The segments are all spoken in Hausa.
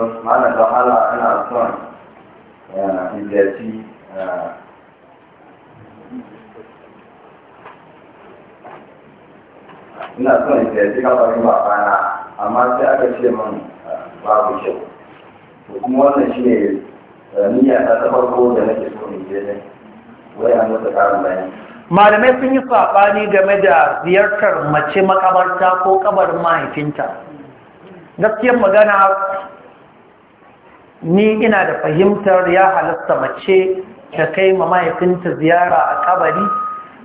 sauran malam don Allah ana son hijirci ina son hijirci a bana, amma sai aka ce min eh, babu kyau to kuma wannan shi ne eh, niyya ta ta farko da nake so in je ne wai an masa karin bayani malamai sun yi saɓani game da ziyartar mace makabarta ko kabarin mahaifinta gaskiyar magana ni ina da fahimtar ya halasta mace ta kai ma mahaifinta ziyara a kabari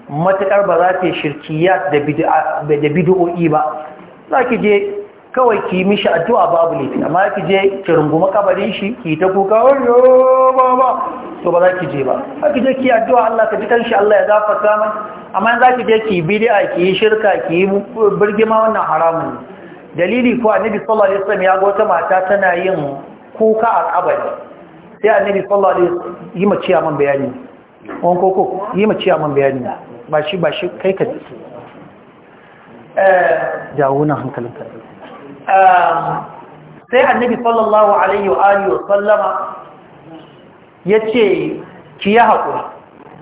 Matuƙar ba za ta shirkiya da bidu'o'i ba za ki je kawai ki mishi addu'a babu laifi amma ki je ki runguma kabarin shi ki ta kuka wayo baba to ba za ki je ba za ki je ki addu'a Allah ka ji kanshi Allah ya gafarta mai amma za ki je ki bid'a ki yi shirka ki yi birgima wannan haramun dalili ko annabi sallallahu alaihi wasallam ya ga wata mata tana yin kuka a kabari sai annabi sallallahu alaihi wasallam yi maciya man bayani on koko yi ma man bayani ba shi ba shi kai ka eh jawo na hankalinka um, sai annabi sallallahu alaihi wa alihi wa sallama yace ki ya hakuri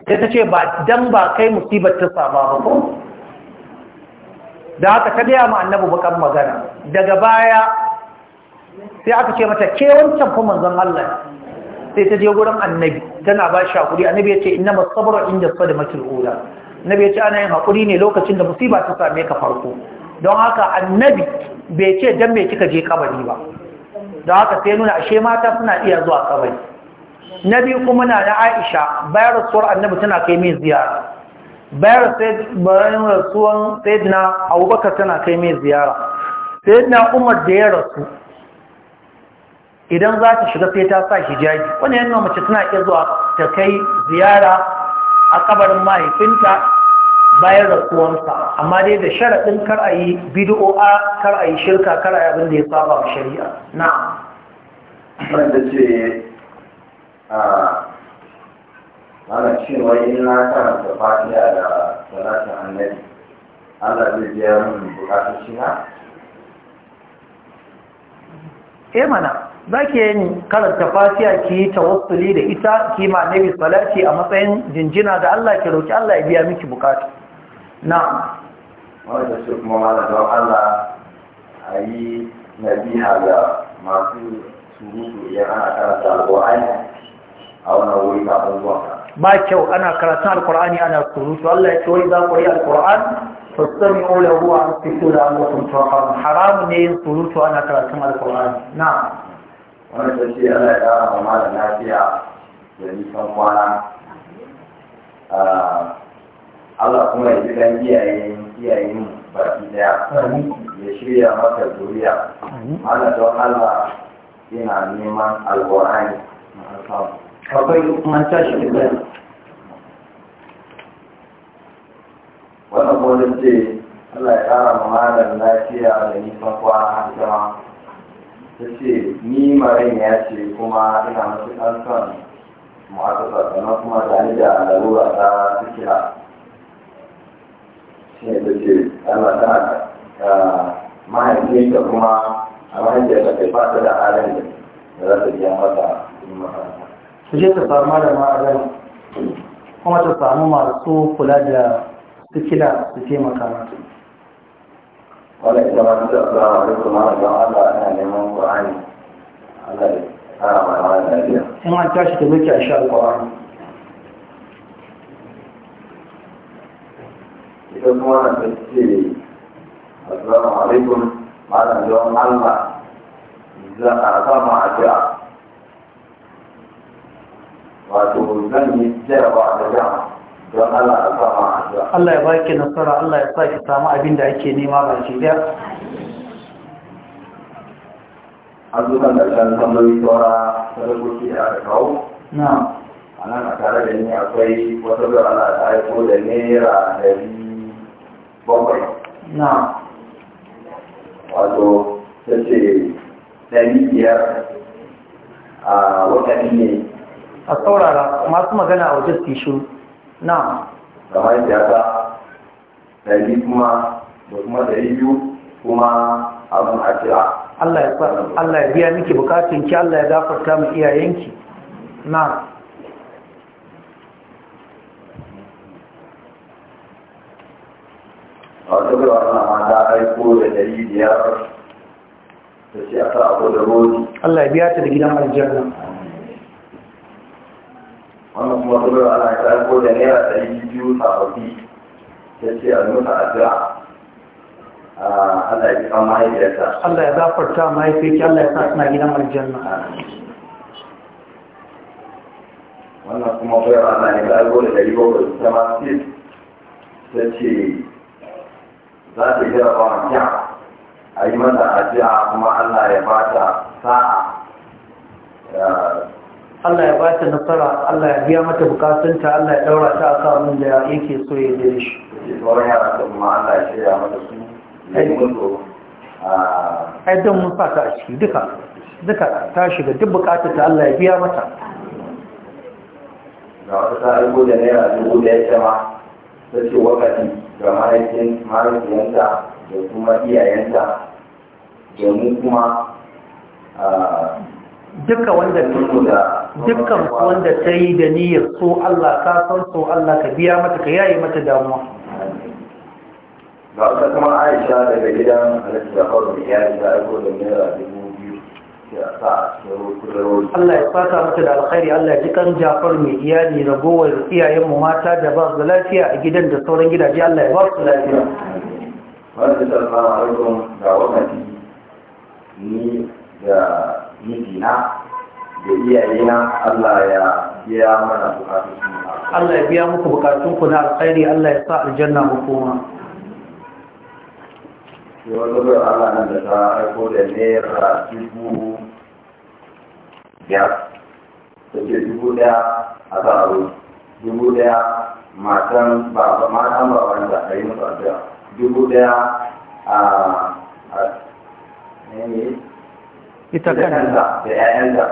sai tace ba dan ba kai musibar ta sama ba ko da haka ta gaya ma annabi bakan magana daga baya sai aka ce mata ke wancan fa manzon Allah sai ta je gurin annabi tana ba shi hakuri annabi ya ce innama sabra inda da ula annabi ya ce ana yin hakuri ne lokacin da musiba ta same ka farko don haka annabi bai ce dan me kika je kabari ba don haka sai nuna ashe mata suna iya zuwa kabari nabi kuma na da Aisha bayan rasuwar annabi tana kai min ziyara bayan bayan rasuwan sayyidina Abubakar tana kai min ziyara sayyidina Umar da ya rasu idan za ta shiga sai ta sa hijabi wani yana mace tana iya zuwa ta kai ziyara a kabarin mahaifinta bayan rasuwansa amma dai da sharaɗin kar a yi a kar a yi shirka kar a yi abin da ya saba wa shari'a na wanda ce a mana cewa in na karanta fatiya da salatin annabi Allah zai biya min bukatun shi na? eh mana za ke yin karanta fatiya ki yi tawassuli da ita ki ma nabi salati a matsayin jinjina da Allah ki roki Allah ya biya miki bukatu na wanda shi kuma mana don Allah a yi nabiha ga masu surutu idan ana karanta alƙur'ani a wannan wuri kafin zuwa ba kyau ana karatun alƙur'ani ana surutu Allah ya ce wai za ku yi alƙur'an fastami'u lahu wa ansitu la'allakum turhamun haramun ne yin surutu ana karatun alƙur'ani na'am wani tashi yana ya kara ma da lafiya da nisan kwana Allah kuma ya ji iyayen iyayen baki daya ya shirya maka zuriya mana don Allah yana neman alwarai akwai manta shi da wannan kodin ce Allah ya kara ma malam lafiya da nisan kwana ah, ita ma ta ce ni marin ya ce kuma ina matuƙar son mu'asasa sannan kuma tare da lalura ta sikira shi ne take ana tana mahaifinta kuma a mahaifiyarta kai ba fata da halin da za ta biya mata cikin makaranta. Su je ta samu da ma'adar kuma ta samu masu kula da sikila su taimaka mata. wannan ita ma ta zama da kuma da Allah ana neman Qur'ani in an tashi ta muke a sha alƙawar ita kuma na ta ce assalamu alaikum malam don allah za a sama a jira wato zan yi jaraba da jira. don allah a sama a jira allah ya baki nasara allah ya sa ki samu abin da ake nema ba shi daya har zuwa ƙarshen tambayi tsora sadakoki da aka kawo na a nan a tare da ni akwai wata zuwa ana ta aiko da naira dari bakwai na wato ta ce dari biyar a watanni ne a saurara masu magana a wajen tishu na kamar siyasa dari kuma da kuma dari biyu kuma abin a kira Allah ya biya miki bukatun ki Allah ya gafarta mu iyayenki na a duk wannan mata aiko da dari biyar da shi a sa'abu da rodi Allah ya biya ta da gidan nan. wannan kuma duk wannan mata aiko da naira dari biyu sababbi ta ce a nuna jira. Ah, Allah ya kama mahaifiyarsa Allah ya zafarta mahaifiyarki Allah ya sa suna gidan aljanna wannan kuma bayar rana ne ga algo da dari bakwai ta ma yi ta ce za ta jira ba kya a yi mata ajiya kuma Allah ya ba ta sa'a ah. Allah ya ba ta nasara Allah ya biya mata bukatunta Allah ya daura ta a samun da yake so ya dire shi. Sauran yara kuma Allah ya shirya mata suna. Ah. ai don mun fata a ciki duka duka ta shiga duk bukatar ta Allah ya biya mata ga wata ta aiko da naira dubu da ya sama ta ce wakati ga mahaifin mahaifiyanta da kuma iyayenta da mu kuma ah. duka wanda dukkan wanda ta yi da niyyar so Allah ka san so Allah ka biya mata ka yayi mata damuwa ga ta kuma aisha daga gidan halittar kawai ya yi ta aiko da naira dubu biyu a sa ya Allah ya fata mata da alkhairi Allah ya ji kan Jafar mai iyali ragowar iyayen mu mata da ba su lafiya a gidan da sauran gidaje Allah ya ba su lafiya. Wanda da fara harkon ga wakati ni da mijina da iyayena Allah ya biya mana bukatun Allah ya biya muku bukatun ku na alkhairi Allah ya sa aljanna mu koma. sai wani bai nan da ta aiko da naira dubu biyar ta ce dubu daya a tsaro dubu daya matan baba matan baban da a yi musu addu'a dubu daya a ita kanta da 'ya'yanta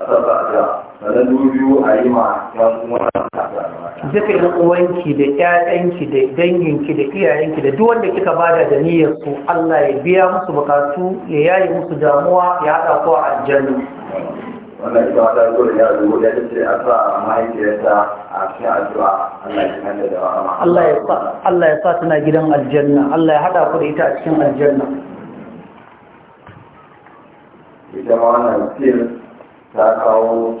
a a addu'a sannan dubu biyu a yi ma yan uwan duka yan uwanki da ƴaƴanki da danginki da iyayenki da duk wanda kika bada da niyyar su Allah ya biya musu bukatu ya yaye musu damuwa ya haɗa ko a aljanna wannan ita wata zuwa ya zuwa ya tace a sa mahaifiyarta a cikin addu'a Allah ya kanta da rahama Allah ya sa Allah ya sa tana gidan aljanna Allah ya hada ku da ita a cikin aljanna ita ma wannan fil ta kawo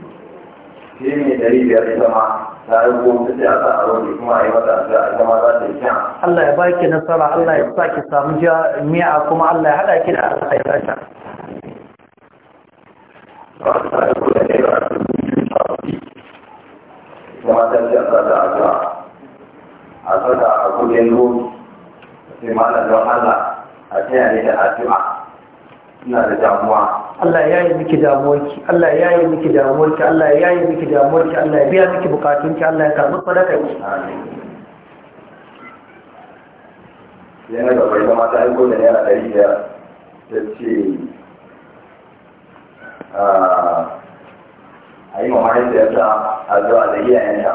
shi ne dari biyar ita ma ta rubo ta ce a sa a kuma a yi mata a ita ma za ta yi Allah ya baki nasara Allah ya sa ki samu miya kuma Allah ya haɗa ki da Allah ya sa kuma ta ce a sa ta addu'a a sa ta a kudin ruwa sai ma don Allah a ce a ne da addu'a ina da damuwa Allah ya yi miki damuwarki Allah ya yi miki damuwarki Allah ya yi miki damuwarki Allah ya biya miki bukatunki Allah ya karɓi sadakarki yana da bai zama ta aiko da ɗari da ta ce ah, a yi mamarin da yasa a zuwa da iyayenta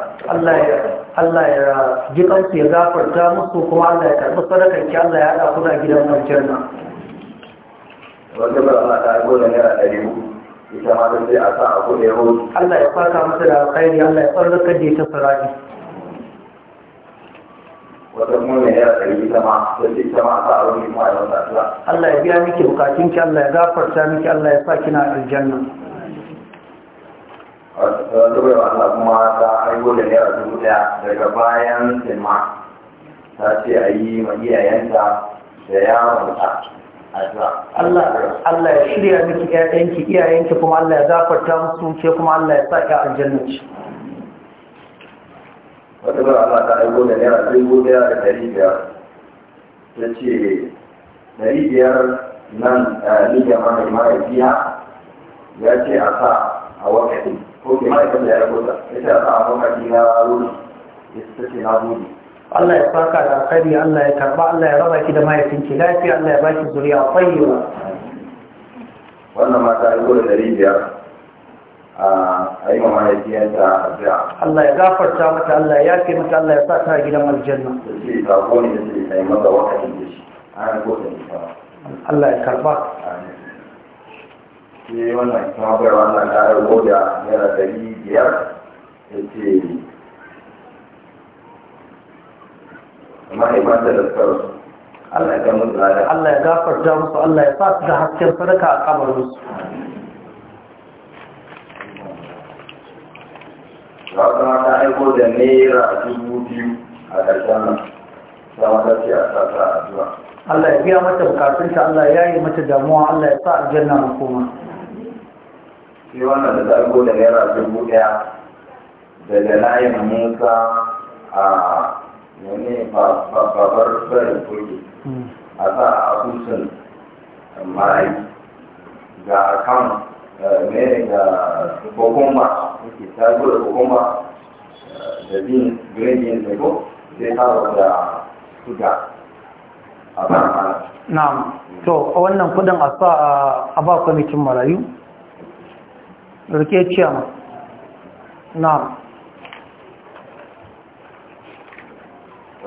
Allah ya ji kansu ya zafarta musu kuma Allah ya karɓi sadakarki Allah ya haɗa kuna gidan kwanciyar nan wata ba ana ta aiko da naira ɗari ita ma ta ce a sa a kuɗe hoto Allah ya fata masa da alkhairi Allah ya farka da ita faraji wata kuma mai naira ɗari ita ma ta ce ita ma a sa a wani kuma a yi yau Allah ya biya miki bukatunki Allah ya gafarta miki Allah ya sa kina aljanna wata bai Allah kuma ta aiko da naira dubu ɗaya daga bayan silma ta ce a yi ma iyayenta da yaron ta a Allah ya shirya miki ‘ya’yanki, iyayenki kuma Allah ya zafarta musu ke kuma Allah ya sa ki a ce wata ba Allah ta aiko da naira dubu ɗaya da ɗari biyar ta ce ɗari biyar nan ni da mara mahaifiya ya ce a sa a wakati ko ke mahaifin da ya rubuta ya ce a sa a wakati na ruri ya ce na gode Allah ya saka da alkhairi Allah ya karba Allah ya raba ki da mahaifinki lafiya Allah ya baki zuriya tayyiba wannan mata ai gole dari biyar a yi ma mahaifiyarta addu'a Allah ya gafarta mata Allah ya yafe mata Allah ya sa ta gidan aljanna sai ta gone da sai ta yi mata wakatin da shi an ko da ita Allah ya karba sai wannan kuma bayar wannan ta rago da naira dari biyar ce mahaifanta da sauransu Allah ya musu Allah ya gafarta musu Allah ya sa su da hasken sadaka a kamar kamarinsu Rasuwa ta aiko da naira dubu biyu a ƙarshen nan, ta wata a sata a zuwa. Allah ya biya mata bukatunta, Allah ya yi mata damuwa, Allah ya sa aljanna makoma. Sai wannan da ta aiko da naira dubu ɗaya daga layin Musa a mene babbar barin kuɗi a sa a asusun marayi ga akan mene da kokumba ta gura kokumba da bin gredin da ko sai ta da suga a ba mana na'am to wannan kudin a sa a ba kwamitin marayu rike ciyama na'am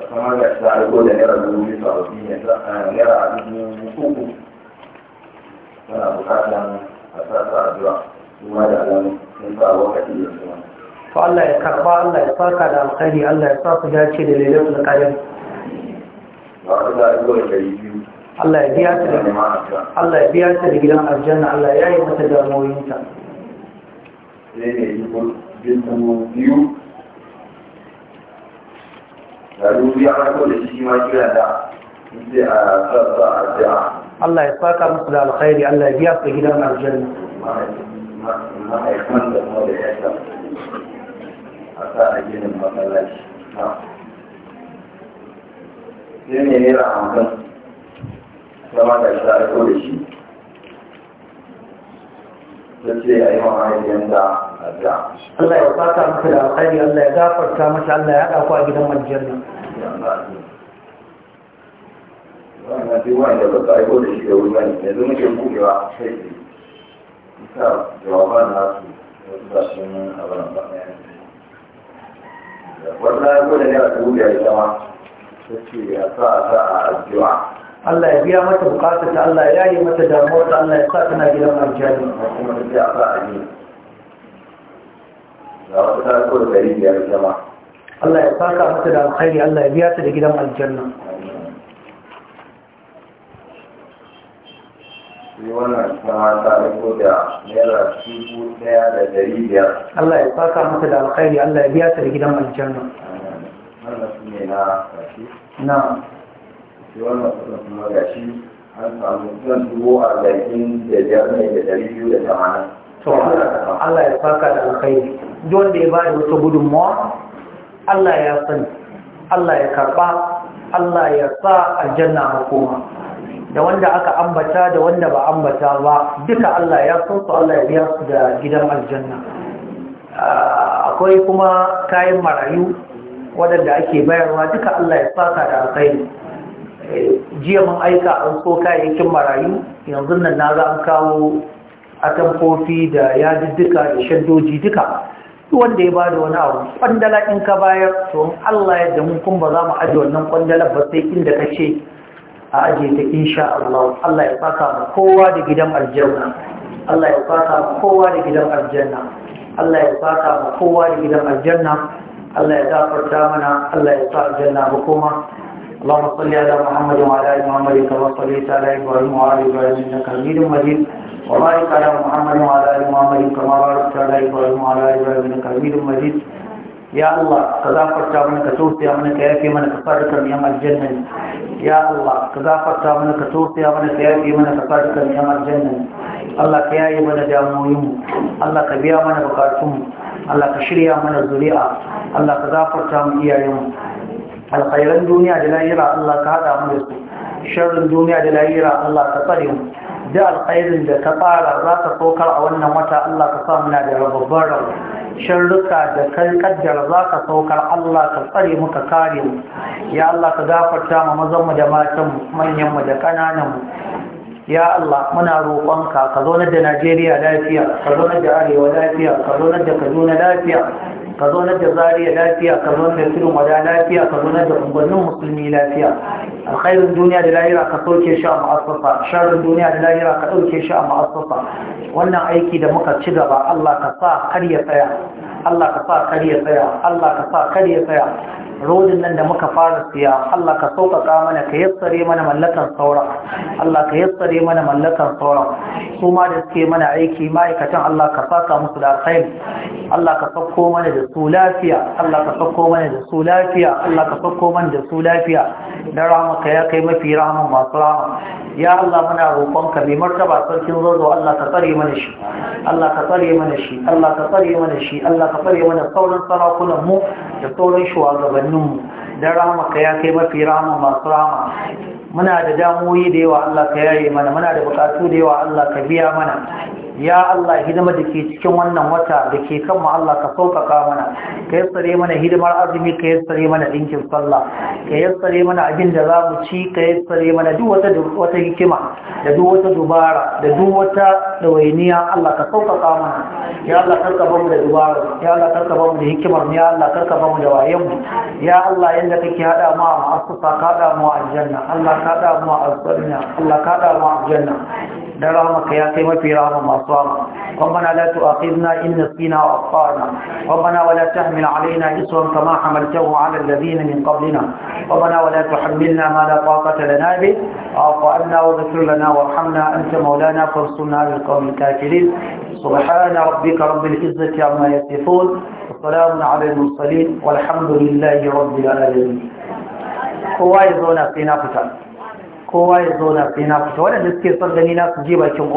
da kuma ga shi aiko da naira dubu biyu sababbi ne naira a dubu uku tana bukatan a sa ta addu'a kuma da alamu sun sa wakati da su to Allah ya karba Allah ya saka da alkhairi Allah ya sa ku dace da lailatul qadr ba ka da aiko biyu Allah ya biya ta Allah ya biya ta da gidan aljanna Allah ya yi mata damuwoyinta sai ne yi biyu الله يبقى من على الخير الله يبقى هدانا الجنة الله يبقى مصدى على خير الله يبقى هدانا الجنة الله يبقى مصدى على خير الله يبقى هدانا الجنة wannan duk wanda ba da shi da wuri yanzu muke a ya ta ce sa a sa a Allah ya biya mata bukata ta Allah ya yi mata damuwar ta Allah ya sa tana gidan aljanna kuma ta ce a sa a ne ga wata ta gode da ribiyar jama'a Allah ya saka mata da alkhairi Allah ya biya ta da gidan aljanna Allah ya saka mata da alkhairi Allah ya biya ta da gidan aljanna na an samu a da biyu da tamanin to Allah ya saka da alkhairi duk wanda ya bada wata gudunmawa Allah ya sani Allah ya karɓa, Allah ya sa aljanna hukuma da wanda aka ambata da wanda ba ambata ba duka Allah ya so su Allah ya biya su da gidan aljanna ah, akwai kuma kayan marayu waɗanda ake bayarwa duka Allah ya saka da alkhairi eh, jiya mun aika an so kayayyakin marayu yanzu nan na za an kawo atamfofi da yadudduka da shaddoji duka wanda ya bada wani abu kwandala in ka bayar to Allah ya damu kun ba za mu aje wannan kwandala ba sai inda ka ce a aje ta insha Allah Allah ya saka mu kowa da gidan aljanna Allah ya saka mu kowa da gidan aljanna Allah ya saka mu kowa da gidan aljanna Allah ya gafarta mana Allah ya sa aljanna mu kuma اللهم صل على محمد وعلى ال محمد كما صليت على ابراهيم وعلى ال ابراهيم انك حميد مجيد وبارك على محمد وعلى ال محمد كما باركت على ابراهيم وعلى ال ابراهيم انك حميد مجيد يا الله تغفرت منك توفي منك يافي منك صادقا نعم الجنه يا الله تغفرت منك توفي منك يافي منك صادقا نعم الجنه الله كياي من دامويم الله كبيا من بكاتم الله كشريا من الزريعه الله تغفرت من اياهم الخيران دنيا دلائر الله كهذا من شر الدنيا دلائر الله تطريهم da alkhairin da ka fara za ka saukar a wannan wata Allah ka sa muna da rababbar rau sharruka da kai kaddara za ka saukar Allah ka tsare muka kare mu ya Allah ka gafarta mu mazan mu da matan mu manyan mu da kananan mu ya Allah muna roƙonka ka zo da Najeriya lafiya ka zo da Arewa lafiya ka zo da Kaduna lafiya ka zo na da zariya lafiya ka zo da tudun wada lafiya ka zo na da unguwannin musulmi lafiya alkhairin duniya da lahira ka sauke shi a ma'asasa sharrin duniya da lahira ka ɗauke shi a ma'asasa wannan aiki da muka ci gaba Allah ka sa kar ya tsaya Allah ka sa kar ya tsaya Allah ka sa kar ya tsaya rodin nan da muka fara siya Allah ka sauƙaƙa mana ka yassare mana mallakan sauran Allah ka yassare mana mallakan sauran su ma da suke mana aiki ma'aikatan Allah ka saka musu da alkhairi Allah ka sauko mana da su lafiya Allah ka sauko mana da su lafiya Allah ka sauko mana da su lafiya da rahama ka ya kai mafi rahaman masu rahama ya Allah muna roƙonka mai martaba sarkin zozo Allah ka tsare mana shi Allah ka tsare mana shi Allah ka tsare mana shi Allah ka tsare mana sauran sarakunan mu da sauran shugabanni dukkaninmu don rahama ka ya kai mafi rahama masu rahama muna da damoyi da yawa Allah ka yaye mana muna da bukatu da yawa Allah ka biya mana ya Allah hidima da ke cikin wannan wata da ke kanmu Allah ka sauƙaƙa mana ka yassare mana hidimar azumi ka yassare mana ɗinkin sallah ka yassare mana abin da za mu ci ka yassare mana duk wata wata hikima da duk wata dubara da duk wata dawainiya Allah ka sauƙaƙa mana ya Allah karka bamu da dubara ya Allah karka bamu da hikimar ya Allah karka bamu da wayen mu ya Allah yanda kake hada mu a ma'asusa ka hada mu a aljanna Allah ka hada mu a aljanna Allah ka hada mu a aljanna da rahmaka ya kai mafi rahama masu أقصانا ربنا لا تؤاخذنا إن نسينا وأخطأنا ربنا ولا تحمل علينا إصرا كما حملته على الذين من قبلنا ربنا ولا تحملنا ما لا طاقة لنا به اعف عنا واغفر لنا وارحمنا أنت مولانا فانصرنا بالقوم الكافرين سبحان ربك رب العزة عما يصفون وسلام على المرسلين والحمد لله رب العالمين kowa ya zauna sai na fita kowa ya zauna sai na fita waɗanda suke son gani na su je bakin